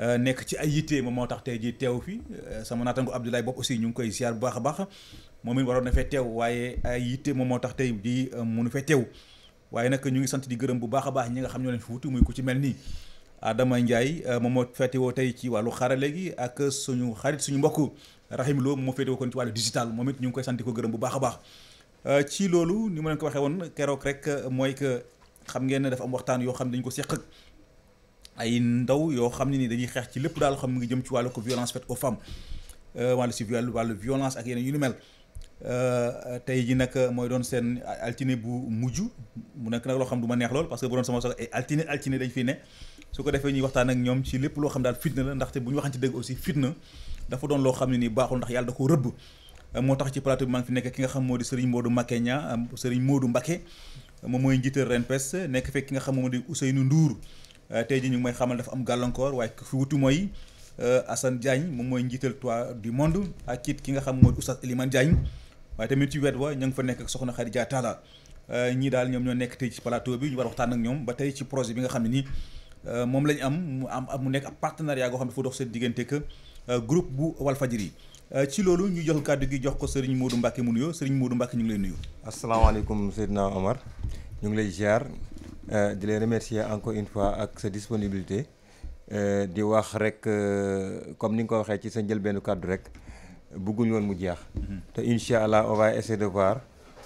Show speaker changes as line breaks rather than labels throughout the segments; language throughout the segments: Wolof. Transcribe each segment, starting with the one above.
Euh, nekk ci ay yitte moom moo tax tey jii teew fii euh, sama naatango Abdoulaye Bopp aussi ñu ngi koy siyaar bu baax a baax moo it waroon na fee teew waaye ay yitte moom moo tax tey jii euh, munu fee teew waaye nag ñu ngi sant di gërëm bu baax a baax ñi nga xam ñoo leen fi wuti muy ci mel nii Adama Ndiaye moom moo féetewoo tey ci wàllu xarale gi ak suñu xarit suñu mbokk Rahim Lo moo féetewoo ci wàllu digital moom it ñu ngi koy sant ko gërëm bu baax a baax ci loolu ni ma leen ko waxee woon keroog rek mooy que xam ngeen ne dafa am waxtaan yoo xam ne dañ ko seq ay ndaw yoo xam ne ni dañuy xeex ci lépp daal xam mu ngi jëm ci wàllu ko violence faite aux femmes euh, wàllu si wàllu wàllu violence ak yeneen yu ni mel euh, tey ji nag mooy doon seen altine bu mujj mu nekk nag loo xam du ma neex lool parce que bu doon sama soxla ay altine altine dañ fi ne su ko defee ñuy waxtaan ak ñoom ci lépp loo xam daal fitna la ndaxte bu ñu waxante dëgg aussi fitna dafa doon loo xam ne ni baaxul ndax yàlla da ko rëbb euh, moo tax ci plateau bi maa fi nekk ki nga xam moo di Serigne Modou Mbacké Niang Serigne Modou Mbacké moom mooy njiital RENPES nekk fekk ki nga xam moo di Ousseynou Ndour Euh, tey jii ñu ngi xamal dafa am gàllankoor waaye fi wutu mooy euh, Assane Diagne moom mooy njiital toit du monde ak it ki nga xam mooy Oustaz Elimane Diagne waaye tamit ci wet wa ña ngi fa nekk soxna Khadija Talla euh, ñii daal ñoom ñoo nekk tey ci plateau bi ñu war waxtaan ak ñoom ba tey ci projet bi nga xam ne ni moom lañu am mu am mu nekk ab partenariat goo xam ne dafa dox seen diggante ak groupe bu Walfadjri ci loolu ñu jox kàddu gi jox ko
Serigne Modou Mbacke mu nuyoo Serigne Modou Mbacke ñu ngi lay nuyu. asalaamaaleykum Seydina Omar ñu ngi lay ziar. Euh, di leen remercier encore une fois ak sa disponibilité euh, di wax rek euh, comme ni nga ko waxee ci sa njëlbeenu kàddu rek bëgguñu woon mu jeex. Mm-hmm. te incha allah on va essayer de voir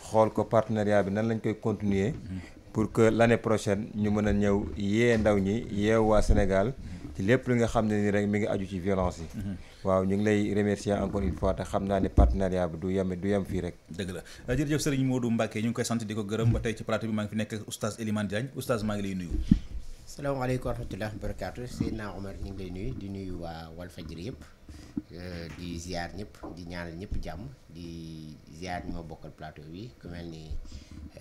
xool ko partenariat bi nan lañ koy continuer mm-hmm. pour que l'année prochaine ñu mën a ñëw yee ndaw ñi yee waa Sénégal. ci lépp li nga xam ne ni rek mi ngi aju ci violence yi mhm. waaw ñu ngi lay remercier encore une fois te xam naa ne partenariat bi du yem du yem fii rek
dëgg la euh, jërëjëf sëriñ Modou Mbacke ñu ngi koy sant di ko gërëm ba tey ci plateau bi maa ngi fi nekk oustaz Elimane Diagne oustaz maa ngi lay nuyu
salaamaaleykum wa rahmatulah wa barakaatu Seydina ñu ngi lay nuyu di nuyu waa Walfadjri yëpp euh, di ziar ñëpp di ñaanal ñëpp jàmm di ziar ma bokkal plateau bi ku mel ni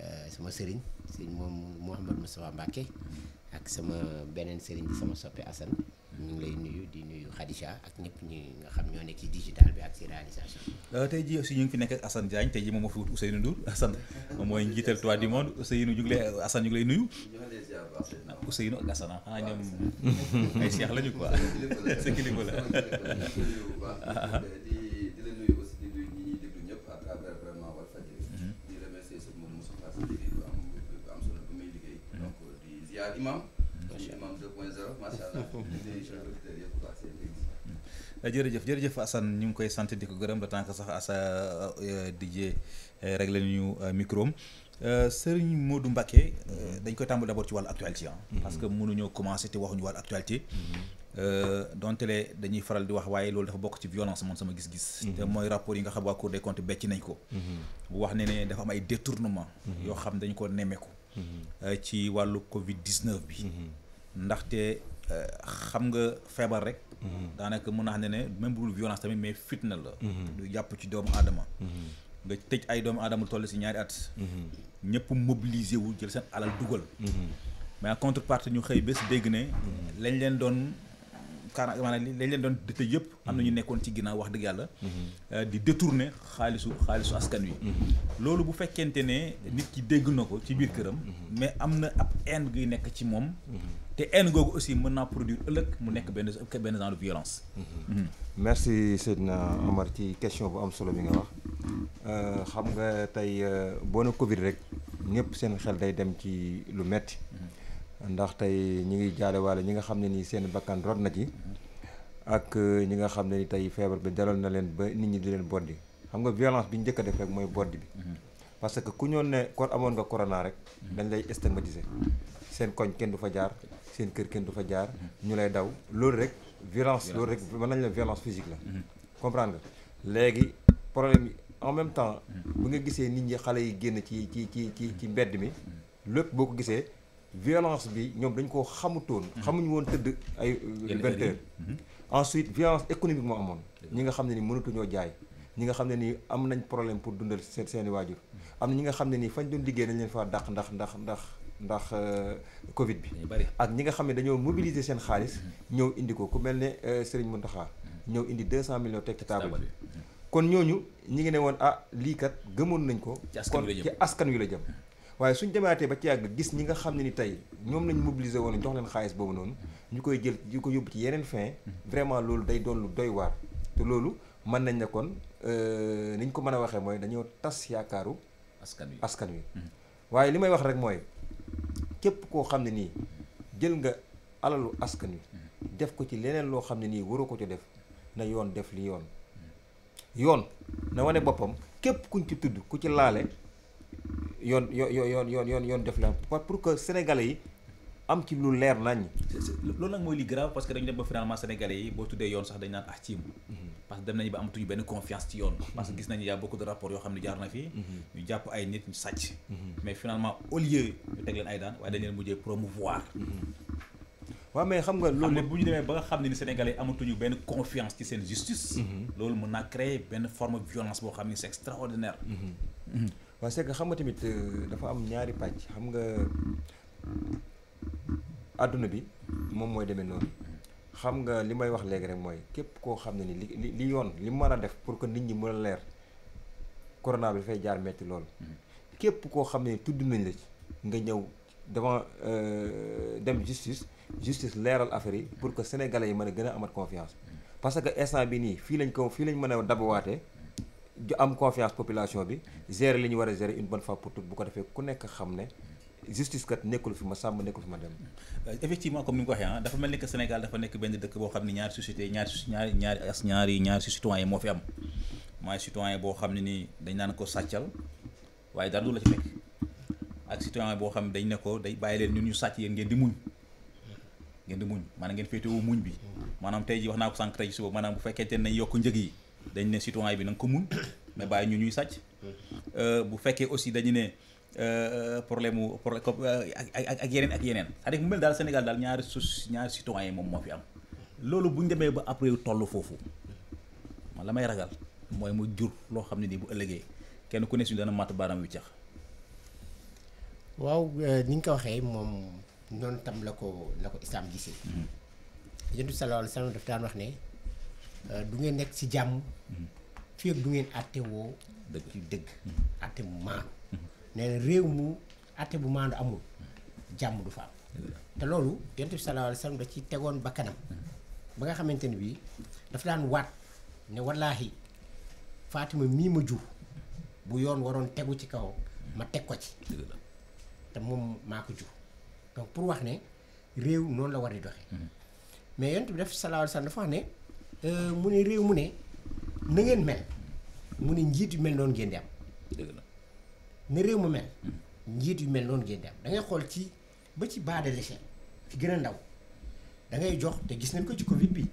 euh, sama sëriñ sëriñ moom Mouhamadou Moustapha Mbacke ak sama beneen sëriñ bi sama soppe Assane ñu ngi lay nuyu di nuyu Khadija ak ñëpp ñi nga xam ñoo nekk ci digital bi ak ci réalisation
euh, tey jii aussi ñu ngi fi nekk ak Assane Diagne tey moom moo fi wut Ousseynou moom mooy njiital Toit du Monde Ousseynou ñu ngi lay Assane ñu ngi lay nuyu Ousseynou ak Assane xanaa ah, ñoom lañu quoi sa kilifa la ah,
ah. al imam imam 2.0 macha allah
euh, jërëjëf jërëjëf Assane ñu ngi koy sant di ko gërëm le temps que sax Assa euh, euh, DJ réglé nañu micro am Serigne Modou Mbacké dañ koy tàmbali d'abord ci wàllu actualité ah. Mm-hmm. parce que mënuñoo commencé te waxuñu wàllu actualité. Mm-hmm. donte le dañuy faral di wax waaye loolu dafa bokk ci violence moom sama gis-gis. Mm-hmm. te mooy rapport yi nga xam waa Cour des comptes becc nañ ko. bu wax ne ne dafa am ay détournement yoo xam dañ ko nemmeeku. Mm-hmm. Euh, ci wàllu Covid 19 bi. Mm-hmm. ndaxte euh, xam nga feebar rek. Mm-hmm. daanaka mun naa xam ne ne même bu violence tamit mais fitna la. du jàpp ci doomu aadama. nga tëj ay doomu aadama toll si ñaari at. ñëpp mobiliser wu jël seen alal dugal. mais en contrepartie ñu xëy bés dégg ne. lañ leen doon. kaara maanaam lañ leen doon tëj yëpp am na ñu mhm. nekkoon ci ginnaaw wax dëgg yàlla mhm. euh, di détourner xaalisu xaalisu askan wi mhm. loolu bu fekkente ne nit ki dégg na ko ci biir këram mais am na ab haine guy nekk ci moom te haine googu aussi mën naa produit ëllëg mu nekk benn benn genre de violence
merci Seydina Omar ci question bu am solo bi nga wax euh, xam nga tey euh, boo na Covid rek ñëpp seen xel day dem ci lu metti ndax tey ñu ngi jaale waale ñi nga xam ne nii seen bakkan rot na ci ak euh, ñi nga xam ne ni tey feebar bi dalal na leen ba nit ñi di leen boddi xam nga violence bi njëkk a def rek mooy boddi bi mhm. parce que ku ñoon ne kon amoon nga corona rek mhm. dañ lay stigmatiser seen koñ kenn du fa jaar mhm. seen kër kenn du fa jaar ñu lay daw loolu rek violence loolu rek mën nañ la violence physique la comprendre nga léegi problème en même temps bu nga gisee nit ñi xale yi génn ci ci ci ci ci mbedd mi lépp boo ko gisee violence bi ñoom dañ koo xamutoon. Mhm. xamuñu woon tëdd ay vingt heures mhm. ensuite violence économique moo amoon ñi nga xam ne ni mënatuñoo jaay ñi nga xam ne nii am nañ problème pour dundal seen seen i waajur mhm. am na ñi nga xam ne nii fañ doon liggéey dañ leen faa dàq ndax ndax ndax ndax euh, Covid bi. ak ñi nga xam ne dañoo mobiliser seen xaalis. ñëw indi ko ku mel ne euh, Serigne Mountakha. ñëw indi 200 millions teg ci table bi kon ñooñu ñi ngi ne woon ah liikat gëmoon nañ ko. kon ci askan wi la jëm. waaye suñ demaatee ba ci àgg gis ñi nga xam ne ni tey ñoom lañ mobiliser woon jox leen xaalis boobu noonu ñu koy jël ñu ko yóbbu ci yeneen fin vraiment loolu day doon lu doy waar te loolu mën nañ ne kon euh, ni ñu ko mën a waxee mooy dañoo tas yaakaaru askan wi askan wi hmm. waaye li may wax rek mooy képp koo xam ne nii jël nga alalu askan wi hmm. def ko ci leneen loo xam ne nii waroo ko ci def na yoon def li yoon yoon na wane boppam képp kuñ ci tudd ku ci laale yoon yoon yoon yoon yoon yoon def la pour que sénégalais yi am que dañu
dem ba yoon sax dañ ah mm-hmm. benn confiance ci yoon. parce que gis nañu y'a beaucoup xam ne jaar na fi. Mm-hmm. ñu mm-hmm. bu ñu demee ba nga xam ne ni sénégalais amatuñu benn confiance ci seen justice. loolu mën naa créer benn forme violence boo xam ne c'est
extraordinaire. parce que xam nga tamit euh, dafa am ñaari pàcc xam nga àdduna bi moom mooy demee noonu xam nga li may wax léegi rek mooy képp koo xam ne ni li li yoon li mën a def pour que nit ñi mën a leer corona bi dafay jaar metti lool. Mm-hmm. képp koo xam ne tudd nañ la ci nga ñëw devant euh, dem justice justice leeral affaire yi pour que sénégalais yi mën a gën a amat confiance mm-hmm. parce que instant bi nii fii lañ ko fii lañ mën a dabawaatee. am confiance population bi gérer li ñu war a gérer une bonne fois pour tout bu ko defee ku nekk xam ne justice kat nekkul fi ma sàmm nekkul fi ma dem. Euh, effectivement comme ni nga ko waxee ah dafa mel ni que Sénégal dafa nekk benn dëkk boo xam ne
ñaari société ñaari ñaari ñaari as ñaari ñaari citoyen moo fi am mooy citoyen boo xam ne nii dañ naan ko sàccal waaye dara du la ci fekk ak citoyen boo xam ne dañ ne ko day bàyyi leen ñun ñu sàcc yéen ngeen di muñ ngeen di muñ maanaam ngeen féetewoo muñ bi maanaam tey ji wax naa ko sànq tey suba maanaam yokk njëg yi dañ ne citoyen bi na ko muñ mais bàyyi ñu ñuy sàcc euh, bu fekkee aussi dañu ne euh, problème mu euh, ak ak yeneen ak yeneen c'est-à-dire mu mel daal Sénégal daal ñaari sus ñaari yi moom moo fi am loolu bu ñu demee ba après toll foofu man la may ragal mooy mu jur loo xam ne nii bu ëllëgee kenn ku ne suñu dana matt baaraam wi cax
waaw ni nga ko waxee moom noonu tam la ko la ko islaam gisee. Mm-hmm. yonent bi sallallahu daan wax ne Euh, du ngeen nekk ci jàmm hmm. fii ak du ngeen àtte woo ci dëgg hmm. àtte bu maandu hmm. nee réew mu àtte bu maandu amul jàmm du fa am te loolu yonent bi sallallahu alayhi wasallam da ci tegoon ba nga xamante ni bii dafa daan waat ne wallaahi Fatima ma jur bu yoon waroon tegu ci kaw ma teg ko ci te moom maa ko jur pour wax ne réew noonu la war di doxee mais dafa wax ne Euh, mu ne réew mu ne na ngeen mel mu ne njiit yu mel noonu ngeen di am. ne réew mu mel. Hmm. njiit yu mel noonu ngeen di am da xool ci ba ci bas de l'échelle fi gën a ndaw da ngay jox te gis nañ ko ci Covid bi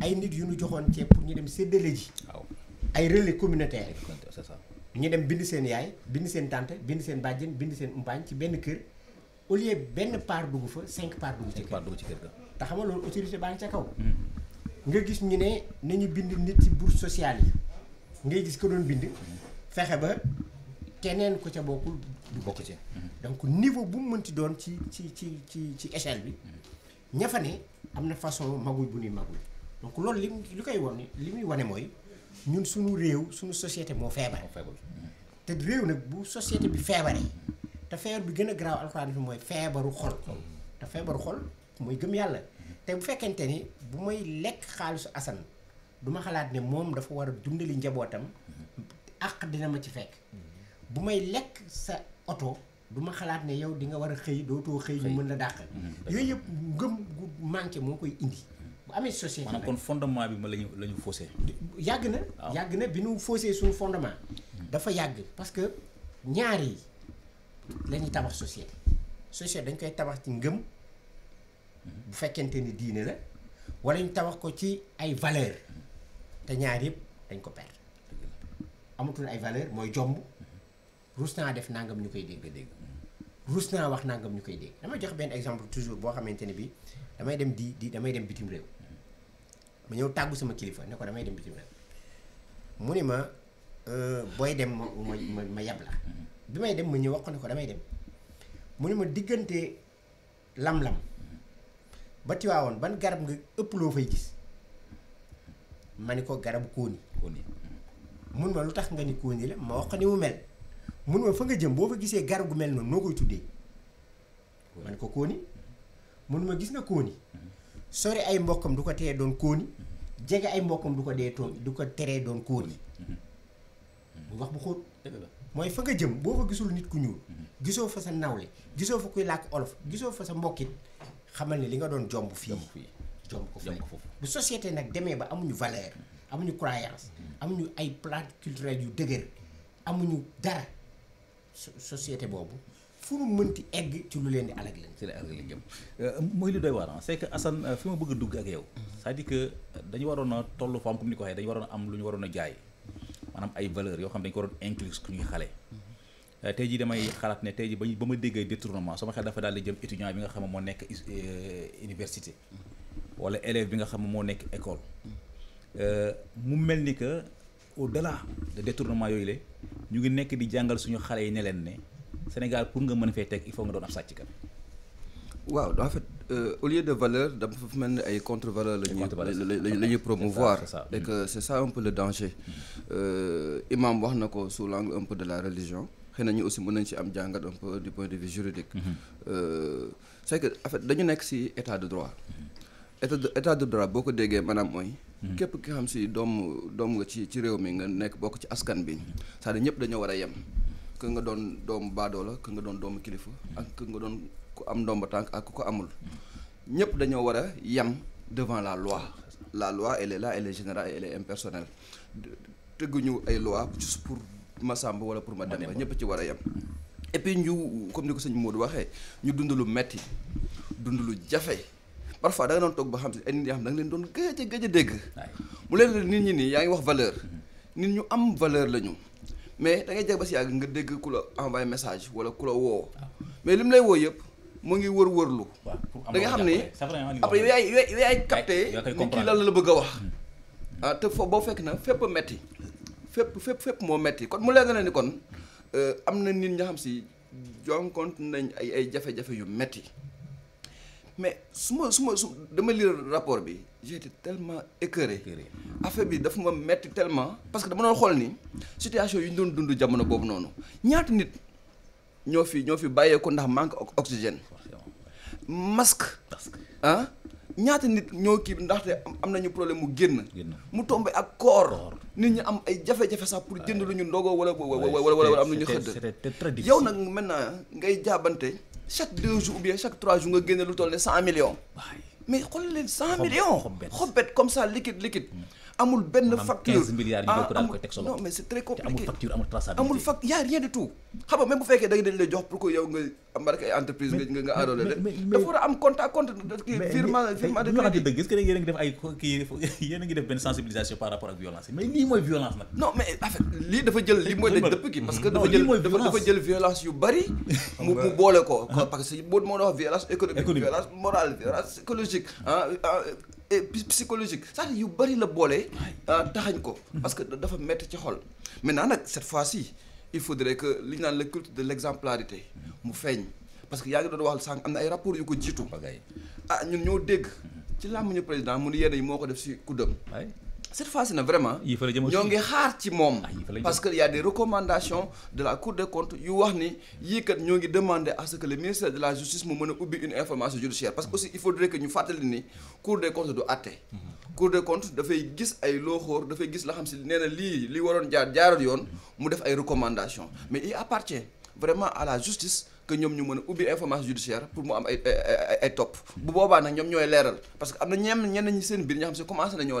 ay nit yu ñu joxoon ceeb pour ñu dem séddale ji. waaw ay relais communautaire c'est ça ñu dem bind seen yaay bind seen tante bind seen bàjjen bind seen umpaañ ci benn kër au benn paar dugg fa cinq part dugg ci kër. cinq te xam nga loolu autorité baa ngi ca kaw. Hmm. nga gis ñu ne nañu bind nit ci bourse sociale yi ngay gis ko doon bind fexe ba keneen ko ca bokkul du bokk ci donc niveau bu mu mënti doon ci ci ci ci ci échelle bi ña fa am na façon magul bu ñuy magul donc loolu li li koy wone li muy wane mooy ñun suñu réew suñu société moo feebar te réew nag bu société bi feebaree te feebar bi gën a garaaw alxuraan bi mooy feebaru xol te feebaru xol mooy gëm yàlla te bu fekkente ni bu may lekk xaalisu Assane duma xalaat ne moom dafa war a dundali njabootam àq dina ma ci fekk mm-hmm. bu may lekk sa oto duma xalaat ne yow di nga war a xëy dootoo xëy ñu mën la dàq mm-hmm. yooyu yëpp ngëm gu manqué moo koy indi mm-hmm. bu amee société maanaam kon fondement bi ma lañu la ñu faussé yàgg na yàgg na bi nu foosee suñu fondement dafa yàgg parce que ñaar yi tabax société société dañ koy tabax ci ngëm bu fekkente ni diine la wala ñu tabax ko ci ay valeur te ñaar yëpp dañ ko perdre amatul ay valeur mooy jomb rus naa def nangam ñu koy dégg-dégg rus naa wax nangam ñu koy dégg damay jox benn exemple toujours boo xamante ne bi damay dem di di damay dem bitim réew ma ñëw tàggu sama kilifa ne ko damay dem bitim réew mu ne ma euh, booy dem ma ma ma yab la bi may dem ma ñëw wax ko ne ko damay dem mu ne ma diggante lam-lam ba Tiwaawoon ban garab nga ëpp loo fay gis ma ni ko garabu kóoni mun ma lu tax nga ni kóoni la ma wax ko ni mu mel mun ma fa nga jëm boo fa gisee garab gu mel noonu noo koy tuddee ni ko kóoni mun ma gis nga kóoni mm-hmm. sori ay mbokkam du ko teree doon kóoni mm-hmm. jege ay mbokkam du ko dee toon du ko teree doon kóoni
mm-hmm.
bu bu mooy fa nga jëm boo fa gisul nit ku ñuul gisoo fa sa nawle gisoo fa kuy làkk olof gisoo fa sa mbokkit xamal ne li nga doon jomb fii jomb ko foofu bu société nag demee ba amuñu valeur amuñu croyance mm-hmm. amuñu ay plate culturel yu dëgër amuñu dara société boobu fu mu mënti egg ci lu leen di
alag leen ci la alag leen jëm euh, mooy li doy waar ah, c'est que Assane euh, fi ma bëgg a dugg ak yow mm-hmm. cest di que dañu waroon a tollu fam comme ni ko waxee dañu waroon a am lu ñu waroon a jaay maanaam ay valeur yoo xam dañu ko waroon inclure ku ñuy xale mm-hmm. Euh, tey jii damay xalaat ne tey jii ba ba ma déggee détournement sama xel dafa daal di jëm étudiant bi nga xam moo nekk euh, université wala élève bi nga xam moo nekk école euh, mu mel ni que au delà de détournement yooyu le ñu ngi nekk di jàngal suñu xale yi ne leen ne Sénégal pour nga mën fee teg il faut nga doon sàcc ka
waaw en fait au lieu de valeur dafa mel ni ay contre valeur la ñuy la ñuy promouvoir et que mm-hmm. c'est ça un peu le danger mm-hmm. imam wax na ko sous l'angle un peu de la religion xëy na ñu aussi mën nañ ci am jàngat un peu du point de vue juridique mm-hmm. euh, c' est dañu nekk ci état de droit mm-hmm. état de état de droit boo ko déggee maanaam mooy mm-hmm. képp ki xam si doom doom nga ci ci réew mi nga nekk bokk ci askan bi c'est-à-dire ñëpp dañoo war a yem que nga doon doomu baadoo la que nga doon doomu kilifa ak que nga doon ku am ndomba tànk ak ku ko amul ñëpp dañoo war a yem devant la loi la loi elle la là général est générale et elle est tëgguñu ay loi pour ma sàmb wala pour ma dem ñëpp ci war a yem et puis ñu comme ni ko sëñ Modou waxee ñu dund lu metti dund lu jafe parfois da doon toog ba xam si ay nit da nga leen doon gëj a a dégg mu leen nit ñi nii yaa ngi wax valeur nit ñu am valeur la ñu mais da ngay jeg ba si yàgg nga dégg ku la envoyé message wala ku la woo ah. mais li mu lay woo yëpp mu ngi wër wërlu da nga xam ni après yaay yaay capté ni kii lan la la bëgg a wax hmm. ah te foofu boo fekk na fépp metti fépp fépp fépp moo metti kon mu leer na ni kon euh, am na nit ñoo xam si jonkonte nañ ay ay jafe-jafe yu metti mais su ma su ma su dama lire rapport bi j'ai été tellement écœuré affaire bi dafa ma metti tellement parce que dama doon xool ni situation yi ñu doon dund jamono boobu noonu ñaata nit ñoo fi ñoo fi bàyyeeku ndax manque oxygène masque ah ñaata nit ñoo kii ndaxte am nañu problème mu génn mu tombé ak koor nit ñu am ay jafe-jafe sax pour jënd lu ñu ndogoo wala wala wala am lu ñu xëdd yow nag maintenant ngay jaabante chaque deux jours ou bien chaque trois jours nga génne lu toll ne cent millions mais xool leen cent millions xobbet comme ça liquide liquide amul benn facture ah, non mais c'est très compliqué amul facture amul a rien du tout xam nga bu fekkee da nga dañ lay jox pour que yow nga xam nga rek ay entreprise nga nga adolé rek dafa war a am compte à compte firma firma de crédit dëgg est-ce
a mais lii mooy violence nag non mais en lii dafa jël lii mooy
dëpp ki parce que dafa jël violence yu bari mu boole ko ah. parce que boo moo wax violence économique violence morale violence psychologique ah, ah, et psychologique yu bari la boole taxañ ko parce que dafa métti ci xol maintenant nag cette fois-ci il faudrait que li ñu naan le culte de l'exemplarité mu feeñ parce que yaa ngi doon waxal sànq am na ay rapport yu ko jiitu ah ñun ñoo dégg ci làmmiñu président mu ni yenn yi moo ko def si kuddam cette fois-ci nag vraiment ñoo ngi xaar ci moom ah, parce que y a des recommandations de la Cour des comptes yu wax ni yii kat ñoo ngi demande à ce que le ministère de la justice mu mën a ubbi une information judiciaire parce que aussi il faudrait que ñu fàttali ni Cour des comptes du àtte mhm. Cour des comptes dafay gis ay looxoor dafay gis la xam si nee lii li waroon jaar jaaral yoon mu def ay recommandations mais il appartient vraiment à la justice que ñoom ñu mën a ubbi information judiciaire pour mu ay ay topp bu ñooy leeral parce que am na ñenn ñenn ñi seen biir ñoo xam si commencé na ñoo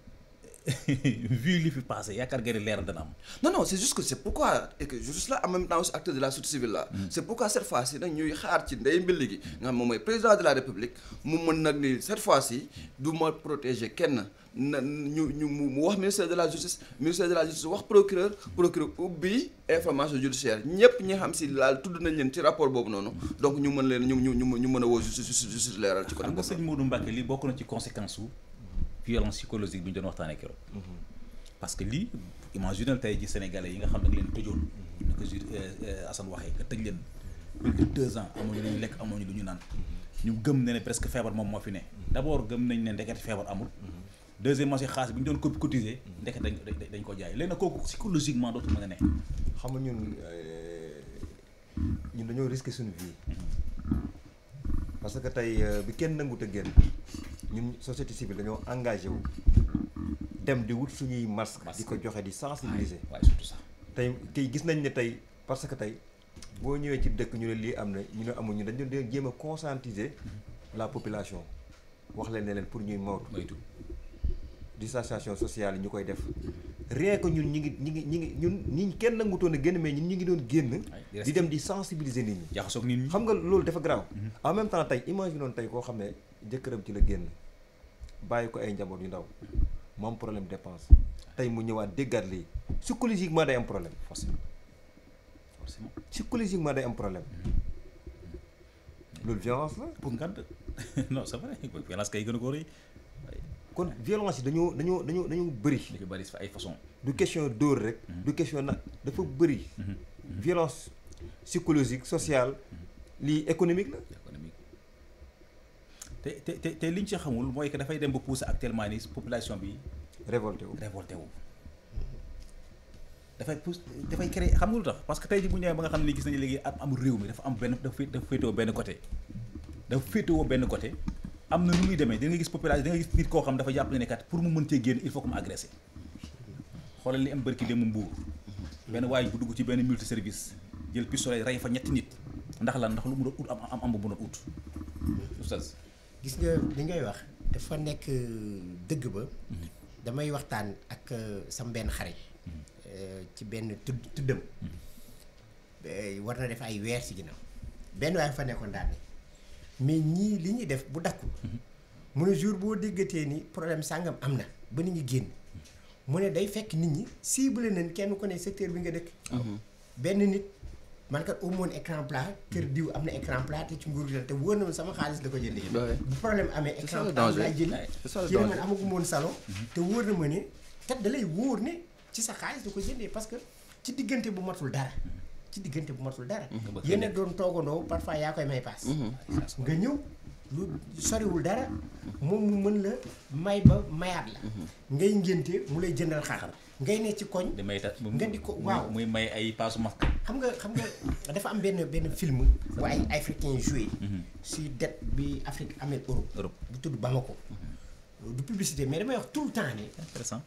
vu li fi passé yaakaar nga ni leer dana am. non non c' est juste que c' est pourquoi et que juste là en même temps acteur de la société civile là. Mm. c' pourquoi cette fois ci nag ñuy xaar ci ndey mbilli gi. nga xam moom mooy président de la république mu mën nag ni cette fois ci du ma protéger kenn na ñu ñu mu wax ministère de la justice ministère de la justice wax procureur procureur ubbi information judiciaire ñëpp ñi xam si laal tudd nañ leen ci rapport boobu ñu mën leen ñu a woo justice
violence psychologique bi ñu doon waxtaanee keroog. Mhm. parce que lii imaginal tey ji sénégalais yi nga xam ne leen tëjoon. Mhm. ni ko ju euh, euh, Assane waxee nga tëj leen. plus de deux ans amuñu lu ñu lekk amuñu ñu naan. Mhm. ñu gëm ne ne presque feebar moo fi ne. d' abord gëm nañ ne ndekete feebar bi ñu doon ko cotiser. ndekete dañ ko dañ ko jaay léegi
a ne. xam nga ñun euh, ñun dañoo risqué suñu vie. parce que tey bi kenn nangu te ñun société civile dañoo engagé wu dem di wut suñuy masque di ko joxe di sensibiliser waaye tey tey gis nañ ne tey parce que tey boo ñëwee ci dëkk ñu ne lii am na ñu ne amuñu dañ doon jéem a conscientiser mhm. la population wax leen ne leen pour ñuy moytu distanciation sociale yi ñu koy def mhm. rien que ñun ngi ñi ngi ñi ngi ñun ñi kenn nangutoon a génn mais ñu ngi doon génn di dem di sensibiliser nit ñi xam nga loolu dafa grave mhm. en même temps tey imagine noonu tey koo xam ne jëkkëram ci la génn bàyyi ko ay njaboot yu ndaw moom am problème dépense tey mu ñëwaat déggaat lii psychologiquement day am problème forcément forcément psychologiquement day am problème loolu violence la. pour ngàdd non c'est kay gën ko kon violence yi dañoo dañoo dañoo dañoo bëri. dañoo bëri ay façon du question dóor rek. Mm-hmm. du question nag dafa bëri. Mm-hmm. Mm-hmm. violence sociale lii économique la. te te te te liñ ci xamul mooy
que dafay dem ba pousse actuellement nii population bi. révolté oo révolté wu. dafay pousse dafay créer xam nga lu tax parce que tey ji bu ñu ba nga xam ne gis nañu léegi am am réew mi dafa am benn dafa féetewoo benn côté. dafa féetewoo benn côté am na nu muy demee dina gis population dina gis nit koo xam dafa jàpp ne kat pour mu mën cee génn il faut que mu xoolal li am bërki dem mbuur benn waay bu dugg ci benn multi service jël pistolet fa ñetti nit ndax
lan ndax lu mu doon ut am am am bu mu doon ut gis nga li ngay wax dafa nekk euh, dëgg ba mhm. damay waxtaan ak euh, sam benn xarit mhm. euh, ci benn tudd tuddam mhm. war na def ay weer si ginnaaw benn waaye fa nekkoon daal mais ñii li ñuy def bu dakku mu ne jour boo déggatee ni problème sàngam am na ba nit ñi génn mu ne day fekk nit ñi ciblé nañ kenn ko ne secteur bi nga dëkk benn nit man kat au moins écran plat kër diw am na écran plat te ci nguur gi te wóor na ma sama xaalis la ko jëndee bu problème amee écran plat laa jël kii ne man amaguma woon salon mm-hmm. te wóor na ma te da lay wóor ne ci sa xaalis la ko jëndee parce que ci diggante bu matul dara ci diggante bu matul dara mm-hmm. yéen a doon toogandoo parfois yaa koy may paas mm-hmm. nga ñëw lu soriwul dara moom mu mën la may ba mayaat la ngay ngénte mu lay jëndal xar ngay ne ci koñ di may tas nga di ko waaw muy may ay paasu masque xam nga xam nga dafa am benn benn film bu ay africain joué mhm. si dette bi Afrique amee Europe Europe bu tudd Bamako mhm. du publicité mais damay wax tout le temps ne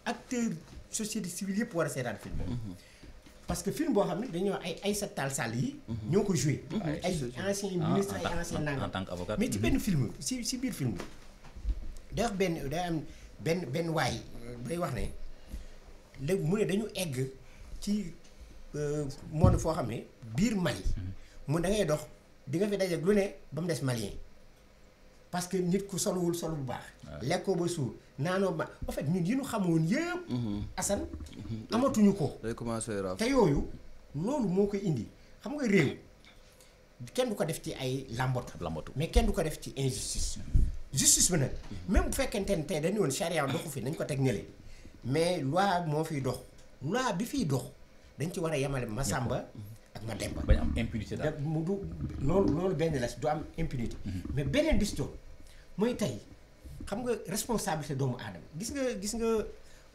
acteur société civile yëpp war a seetaan film parce que film boo xam ne dañoo ay Aïssata Tall Sall yi. Mhm. ñoo ko joué. Mhm. ay ah, ay ancien nangam en tant qu'avocat mais ci mhm. benn film si si biir film day benn day am benn benn waay bay wax ne léegi mu ne dañu egg ci euh, monde foo xam ne biir Mali. mu da ngay dox di nga fi dajeeg lu ne ba mu des Malien. parce que nit ku soluwul solu bu baax. lekkoo ba suur. naanoo ba en fait ñun yi ñu xamoon yëpp. Mhm. Assane mhm. amatuñu ko. day commencé te yooyu loolu moo ko indi xam nga réew kenn du ko def ci ay lambatu. lambatu mais kenn du ko def ci injustice. justice bi nag même bu fekkente ne tey dañu woon charia doxu fi nañ ko teg ñële mais loi moo fiy dox loi bi fiy dox dañ ci war a yemale ma sàmba ak ma demba. bañ am impunité daal mu du loolu loolu benn la si du am impunité. Mhm. mais beneen bis mooy tey. xam nga responsabilité doomu aadama gis nga gis nga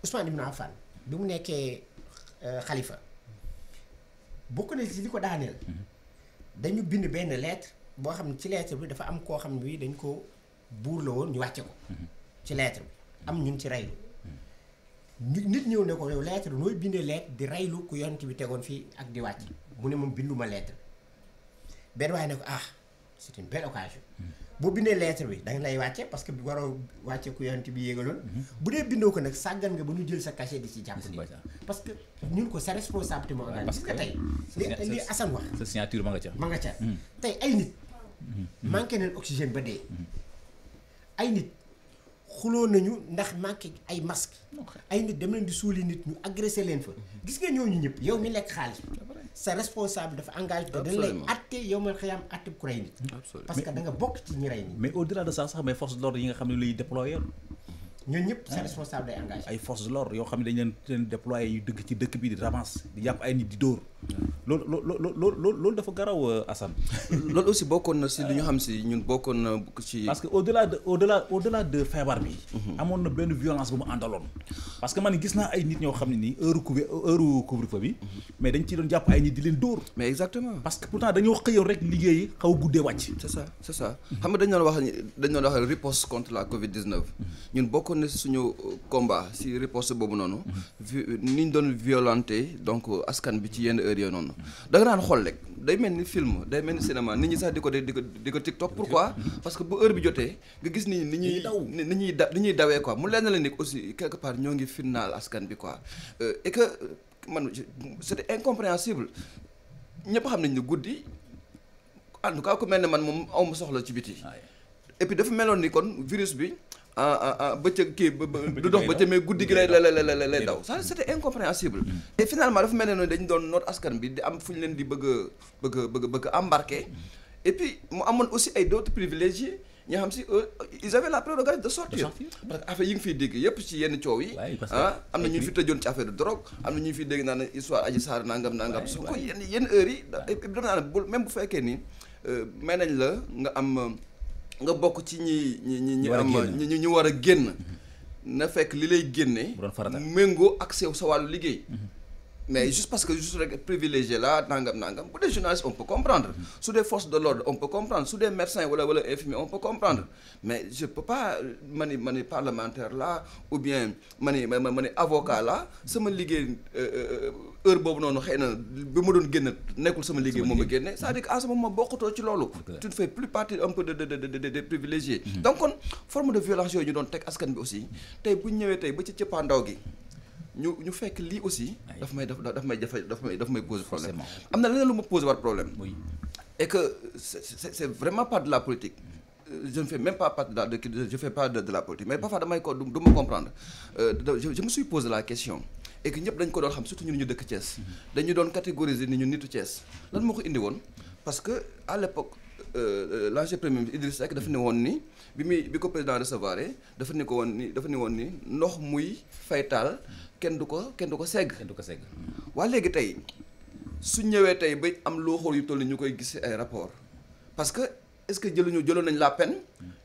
Ousmane Ibn Affan bi mu nekkee euh, xalifa bokk na ci li ko daaneel. Mm-hmm. dañu bind benn lettre boo xam ne ci lettre bi dafa am koo xam ne dañ ko buur la woon ñu ko. Mm-hmm. ci lettre bi am mm-hmm. ñun ci reylu ñu nit ñëw ne ko yow lettre nooy bindee lettre di reylu ku yonent bi tegoon fii ak di wàcc mu ne ma binduma lettre benn waaye ne ko ah. c'est une belle occasion. boo bindee lettre bi da nga lay wàcce parce que waroo wàcce ku yonent bi yéegaloon. Mhm. bu dee bindoo ko nag sàggan nga ba ñu jël sa cachet di ci jàpp. parce que ñun ko sa responsabilité moo nga parce que tey li li Assane wax.
sa signature ma nga ca ma
mm. tey ay nit. Mm-hmm. manqué nañ oxygène ba dee. Mm-hmm. ay nit xuloo nañu ndax manqué ay masque ay nit dem leen di suuli nit ñu agressé leen fa. Mm-hmm. gis nga ñooñu ñëpp yow mi lekk xaalis. sa responsable dafa engage te dañ lay atte yow mal xëyaam atte
ku rey nit parce que da
nga bokk ci ñi rey nit
mais au delà de ça sax mais force de l'ordre yi nga xam ne luy déployé ñun ñëpp sa ah.
responsable day engagé ay
force de l'ordre yoo xam ne dañ leen leen déployé yu dëgg ci dëkk bi di ramasse di yàpp ay nit di dóor loolu loolu loolu loolu dafa garaw euh, Assane. loolu aussi bokkoon na si li ñu xam si ñun bokkoon na ci. parce que au delà de au delà au de feebar bi. Mhm. amoon na benn violence bu mu àndaloon. parce que man gis naa ay nit ñoo xam ne nii mhm.
doon jàpp nit di leen dóor. mais exactement parce pourtant dañoo xëyoon rek liggéey xaw guddee wàcc. c'est ça c'est ça mhm. xam nga dañu doon wax dañu doon la Covid 19. ñun bokkoon na suñu euh, combat si riposte boobu noonu. Euh, ni ñu doon violenté heure yooyu noonu da nga daan xool rek day mel ni film day mel ni cinéma nit ñi sax di ko di ko di ko tiktok pourquoi parce que bu heure bi jotee nga gis ni ni ñuy daw ni ñuy dawee quoi mu leen la ni aussi quelque part ñoo ngi final askan bi quoi euh, et que incompréhensible ñëpp xam nañ ne guddi en tout cas ku mel ne man moom aw ma soxla ci biti et dafa meloon ni kon virus bi bëccëg kii du dox bëccëg mais guddi gi lay lay lay lay daw ça c'était mm. incompréhensible mm. te finalement dafa mel ne dañ doon noot askan bi di am fu ñu leen di bëgg bëgg bëgg bëgg embarqué mm. et puis mu amoon aussi ay d'autres privilégiés xam si euh, ils avaient la prérogative de sortir parce que affaire yi nga fiy dégg yëpp ci yenn coow yi ah am na ñu fi tëjoon ci affaire de am na ñu fiy dégg naan histoire aji saar nangam nangam su ko yenn yenn heures yi daf naa ne bu même bu fekkee ni euh, may nañ la nga am nga bokk ci ñi ñi ñi ñi am ñi ñu war a génn mm-hmm. na fekk li lay génne méngoo ak sew sa wàllu liggéey mm-hmm. mais juste parce que juste rek privilégié la nangam nangam bu dee journaliste on peut comprendre mm-hmm. su dee force de l'ordre on peut comprendre su dee médecin wala wala infirmier on peut comprendre mais je peux pas ma ni ma parlementaire là ou bien ma ni ma ma avocat là sama liggéey euh, euh, heure boobu noonu xëy na bi ma doon génn nekkul sama liggéey moom a génne c'est-à-dire que à ce moment bokkutoo ci loolu tu ne plus partie de de de de de de mm-hmm. violence doon teg askan bi aussi mm-hmm. tey bu ñu ñëwee tey ba ci cëppaandaw gi ñu ñu fekk lii aussi. daf may daf daf may jafe daf may daf may pose problème. am na leneen lu ma pose war problème. oui et que c'est c'est vraiment pas de la politique. Euh, je ne fais même pas partie de la politique mais parfois damay ko du ma comprendre euh, je je me suis la question et que ñëpp dañ ko doon xam surtout ñun ñu dëkk Thiès. Mm-hmm. dañu doon catégoriser ni ñu nitu Thiès. lan moo ko indi woon parce que à l'époque euh, l'ancien premier ministre Idriss Seck dafa ne woon ni. bi muy bi ko président recevoir dafa ni woon ni dafa ni woon ni ndox muy faytaal kenn du ko kenn du ko segg. du ko segg. waa léegi tey su ñëwee tey ba am loo xool yu toll ñu koy gis ay rapport parce que est-ce que jëluñu jëloon nañ la peine.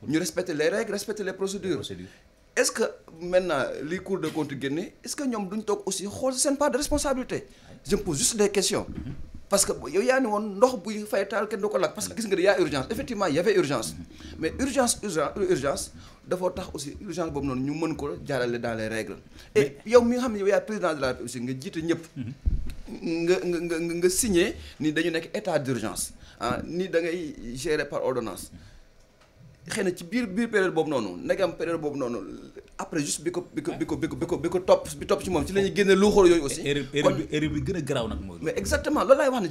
ñu respecter les règles respecter les procédures. ce que maintenant li cour de compte est-ce que ñoom duñ toog aussi xool seen part de responsabilité. je me juste des questions. Mm-hmm. parce que yow yaa ni woon ndox buy fay taal kenn du ko lakk parce que gis nga de yaa urgence effectivement y avait urgence mhm. mais urgence urgence dafa tax aussi urgence boobu noonu ñu mën ko jaarale dans les règles et mi nga xam ne yow yaa président de la République aussi nga jiite ñëpp mhm. nga nga nga nga signé ni dañu nekk état d'urgence ah ni da ngay gérer par ordonnance xëy na ci biir biir période boobu noonu ndegam période boobu noonu après juste bi ko bi ko bi ko bi ko bi ko topp bi topp ci moom ci la génne lu xool yooyu aussi. exactement loolu laay wax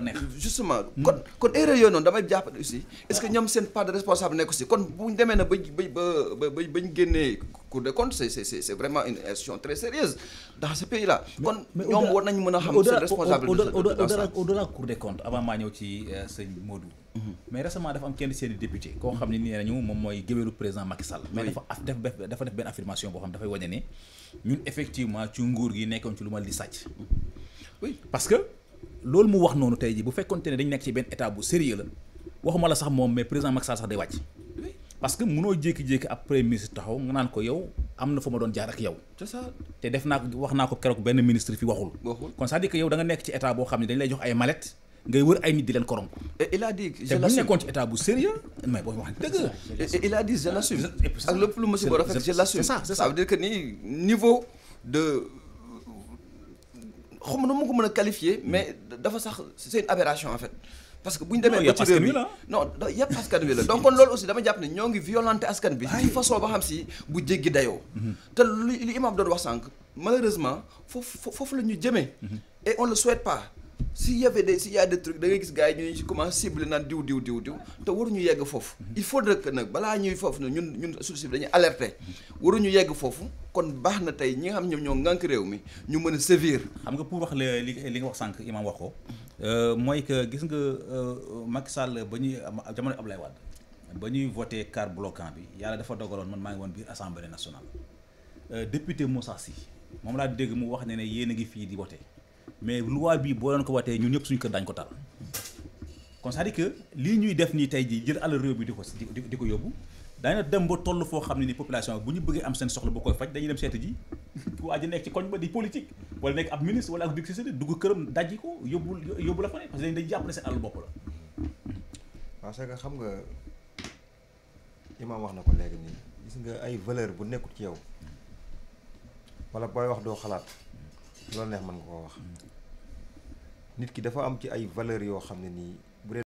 ni justement hmm. kon kon erreur yooyu noonu damay jàpp aussi est-ce ñoom seen part de responsable nekk aussi kon buñ demee na ba ba ba ba bañ génnee cour des comptes c'est c'est c'est vraiment une institution très sérieuse dans ce pays là. kon ñoom war nañu mën a xam seen responsable.
au-delà cour des comptes avant maa ñëw ci euh, sëñ Modou. Mhm. mais récemment dafa am kenn seen i député. koo xam ne nee nañu moom mooy géwélu président Macky Sall. mais dafa dafa def benn affirmation boo xam dafay wane ne ñun effectivement ci nguur gi nekkoon ci lu ma di sàcc. oui parce que loolu mu wax noonu tey jii bu fekkonte ne dañ nekk ci benn état bu sérieux la waxuma la sax moom mais président Macky Sall sax day wàcc. parce que munoo jékki-jékki ab premier ministre taxaw nga naan ko yow am na fa ma doon jaar ak yow. c'est te def naa ko wax naa ko keroog benn ministre fi waxul. waxul kon c'est-à-dire que nekk ci état boo xam ne dañ lay jox ay mallette ngay wër ay nit di leen koromp. a dit je l'assume te bu nekkoon ci état bu
sérieux mais boo wax dëgg. ak lépp ma si ko rafet je c'est ça veut dire que ni niveau de. xaw ma nu ma ko mën a qualifier mais dafa sax c'est une aberration en fait. parce que bu ñu demee ba ci réew mi non yëpp askan wi la donc kon loolu aussi dama jàpp ne ñoo ngi violenté askan bi ci façon ba xam si bu jéggi dayoo mhm. te li imam doon wax sànq malheureusement foofu foofu la ñu jëmee mhm. et on le souhaite pas si y avait si s'il y a des da ngay gis gars yi ñu ci commencé ciblé naan diw diw diw diw te waruñu yegg foofu il faudrait que nag balaa ñuy foofu ne ñun ñun si bi dañuy alerter waruñu yegg foofu kon baax na tey ñi nga xam ñoom ñoo ngànk réew mi ñu mën a sévir xam nga pour wax la li li
nga wax sànq ma wax ko euh, mooy que gis nga euh, Macky sàll ba ñuy jamono lay Wade ba ñuy voté car bloquant bi yàlla dafa dogaloon man maa ngi woon biir assemblée nationale euh, député Moussa Sy moom laa dégg mu wax ne ne yéen a ngi fii di voté mais loi bii boo leen ko watee ñun ñëpp suñ kër daañ ko taal kon c'est-à-dire que lii ñuy def nii tey jii jël alal réew bi di ko di di ko yóbbu dañu dem ba toll foo xam ne ni population bu ñu bëggee am seen soxla bu koy faj dañuy dem seetu ji waa ji nekk ci koñ ba di politique wala nekk ab ministre wala ak dig sisidi dugg këram dajji ko yóbbu yóbbu la fa ne parce que dañ dañ jàpp ne
seen alal bopp la parce que xam nga imaam wax na ko léegi nii gis nga ay valeur bu nekkul ci yow wala booy wax doo xalaat loolu neex mën nga koo wax nit ki dafa am ci ay valeurs yoo xam ne nii bu dee